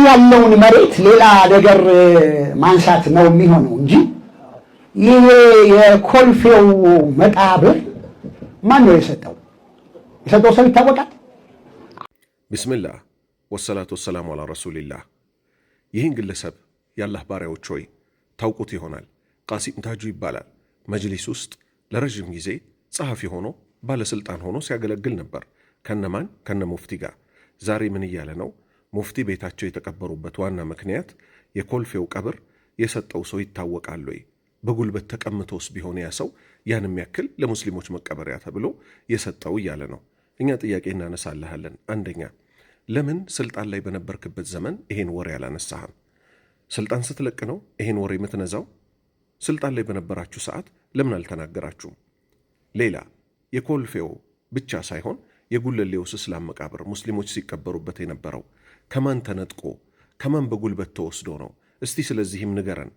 እዚህ ያለውን መሬት ሌላ ነገር ማንሳት ነው የሚሆነው እንጂ ይሄ የኮልፌው መቃብር ማን ነው የሰጠው? የሰጠው ሰው ይታወቃል። ቢስሚላህ ወሰላቱ ወሰላሙ አላ ረሱሊላህ። ይህን ግለሰብ የአላህ ባሪያዎች ሆይ ታውቁት ይሆናል። ቃሲም ታጁ ይባላል። መጅሊስ ውስጥ ለረዥም ጊዜ ጸሐፊ ሆኖ ባለሥልጣን ሆኖ ሲያገለግል ነበር። ከነማን ከነ ሙፍቲ ጋር። ዛሬ ምን እያለ ነው? ሙፍቲ ቤታቸው የተቀበሩበት ዋና ምክንያት የኮልፌው ቀብር የሰጠው ሰው ይታወቃል ወይ? በጉልበት ተቀምቶስ ቢሆን ያ ሰው ያንም ያክል ለሙስሊሞች መቀበሪያ ተብሎ የሰጠው እያለ ነው። እኛ ጥያቄ እናነሳልሃለን። አንደኛ ለምን ስልጣን ላይ በነበርክበት ዘመን ይሄን ወሬ አላነሳህም? ስልጣን ስትለቅ ነው ይሄን ወሬ የምትነዛው? ስልጣን ላይ በነበራችሁ ሰዓት ለምን አልተናገራችሁም? ሌላ የኮልፌው ብቻ ሳይሆን የጉለሌውስ እስላም መቃብር ሙስሊሞች ሲቀበሩበት የነበረው ከማን ተነጥቆ ከማን በጉልበት ተወስዶ ነው? እስቲ ስለዚህም ንገረን።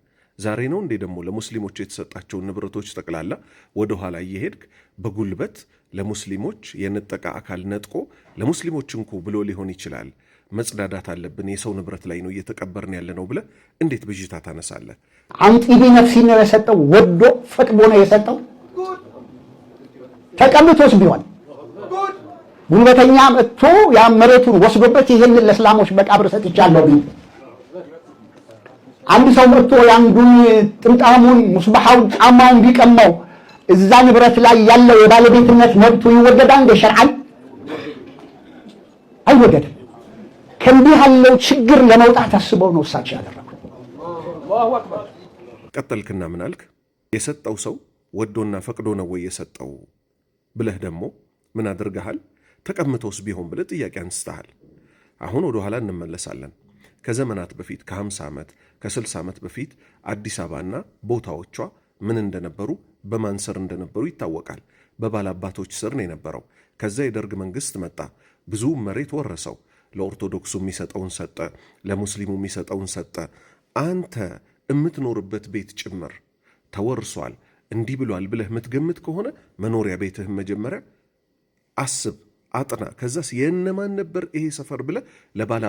ዛሬ ነው እንዴ ደግሞ ለሙስሊሞች የተሰጣቸውን ንብረቶች ጠቅላላ ወደኋላ እየሄድክ በጉልበት ለሙስሊሞች የነጠቃ አካል ነጥቆ ለሙስሊሞች እንኩ ብሎ ሊሆን ይችላል መጽዳዳት አለብን፣ የሰው ንብረት ላይ ነው እየተቀበርን ያለ ነው ብለህ እንዴት ብዥታ ታነሳለህ? አንጢቤ ነፍሲ ነው የሰጠው፣ ወዶ ፈቅዶ ነው የሰጠው። ተቀምቶስ ቢሆን ጉልበተኛ መጥቶ ያ መሬቱን ወስዶበት ይህን ለእስላሞች መቃብር ሰጥቻለሁ ቢል አንድ ሰው መጥቶ የአንዱን ጥምጣሙን ሙስባሐውን ጫማውን ቢቀማው እዛ ንብረት ላይ ያለው የባለቤትነት መብቱ ይወገዳ እንደ ሸርዓን አይወገድም። ከእንዲህ ያለው ችግር ለመውጣት አስበው ነው እሳቸው ያደረጉት። ቀጠልክና ምን አልክ? የሰጠው ሰው ወዶና ፈቅዶ ነው ወይ የሰጠው ብለህ ደግሞ ምን አድርገሃል? ተቀምጦስ ቢሆን ብለህ ጥያቄ አንስተሃል። አሁን ወደ ኋላ እንመለሳለን። ከዘመናት በፊት ከ50 ዓመት ከ60 ዓመት በፊት አዲስ አበባና ቦታዎቿ ምን እንደነበሩ በማን ስር እንደነበሩ ይታወቃል። በባላባቶች ስር ነው የነበረው። ከዛ የደርግ መንግስት መጣ፣ ብዙ መሬት ወረሰው። ለኦርቶዶክሱ የሚሰጠውን ሰጠ፣ ለሙስሊሙ የሚሰጠውን ሰጠ። አንተ የምትኖርበት ቤት ጭምር ተወርሷል እንዲህ ብሏል ብለህ የምትገምት ከሆነ መኖሪያ ቤትህን መጀመሪያ አስብ። አጥና ከዛስ የእነማን ነበር ይሄ ሰፈር ብለ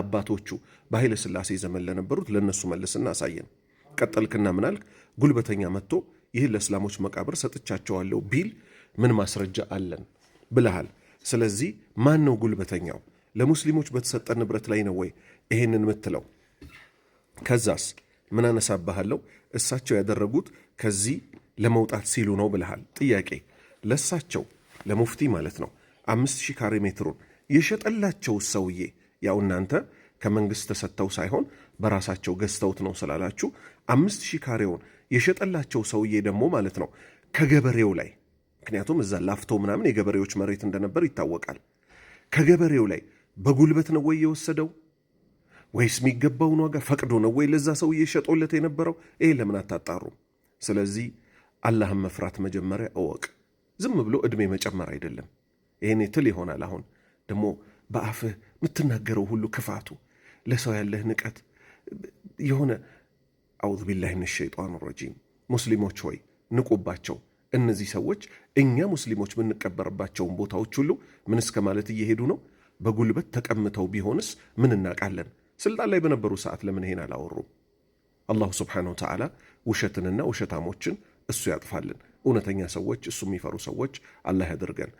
አባቶቹ በኃይለ ስላሴ ዘመን ለነበሩት ለእነሱ መልስና አሳየን። ቀጠልክና ምናልክ ጉልበተኛ መጥቶ ይህን ለእስላሞች መቃብር ሰጥቻቸዋለሁ ቢል ምን ማስረጃ አለን ብለሃል። ስለዚህ ማን ነው ጉልበተኛው? ለሙስሊሞች በተሰጠ ንብረት ላይ ነው ወይ ይሄንን የምትለው? ከዛስ ምን አነሳባሃለው? እሳቸው ያደረጉት ከዚህ ለመውጣት ሲሉ ነው ብለሃል። ጥያቄ ለእሳቸው ለሙፍቲ ማለት ነው አምስት ሺህ ካሬ ሜትሩን የሸጠላቸው ሰውዬ ያው እናንተ ከመንግሥት ተሰጥተው ሳይሆን በራሳቸው ገዝተውት ነው ስላላችሁ አምስት ሺህ ካሬውን የሸጠላቸው ሰውዬ ደግሞ ማለት ነው ከገበሬው ላይ ምክንያቱም እዛ ላፍቶ ምናምን የገበሬዎች መሬት እንደነበር ይታወቃል። ከገበሬው ላይ በጉልበት ነው ወይ የወሰደው ወይስ የሚገባውን ዋጋ ፈቅዶ ነው ወይ ለዛ ሰውዬ ሸጦለት የነበረው? ይሄ ለምን አታጣሩም? ስለዚህ አላህን መፍራት መጀመሪያ እወቅ። ዝም ብሎ ዕድሜ መጨመር አይደለም። ይህኔ ትል ይሆናል። አሁን ደግሞ በአፍህ የምትናገረው ሁሉ ክፋቱ፣ ለሰው ያለህ ንቀት የሆነ አዑዙ ቢላህ ምን ሸይጣን ረጂም። ሙስሊሞች ሆይ ንቁባቸው። እነዚህ ሰዎች እኛ ሙስሊሞች የምንቀበርባቸውን ቦታዎች ሁሉ ምን እስከ ማለት እየሄዱ ነው። በጉልበት ተቀምተው ቢሆንስ ምን እናውቃለን? ስልጣን ላይ በነበሩ ሰዓት ለምን ይሄን አላወሩም? አላሁ ስብሓነሁ ወተዓላ ውሸትንና ውሸታሞችን እሱ ያጥፋልን። እውነተኛ ሰዎች እሱ የሚፈሩ ሰዎች አላህ ያድርገን።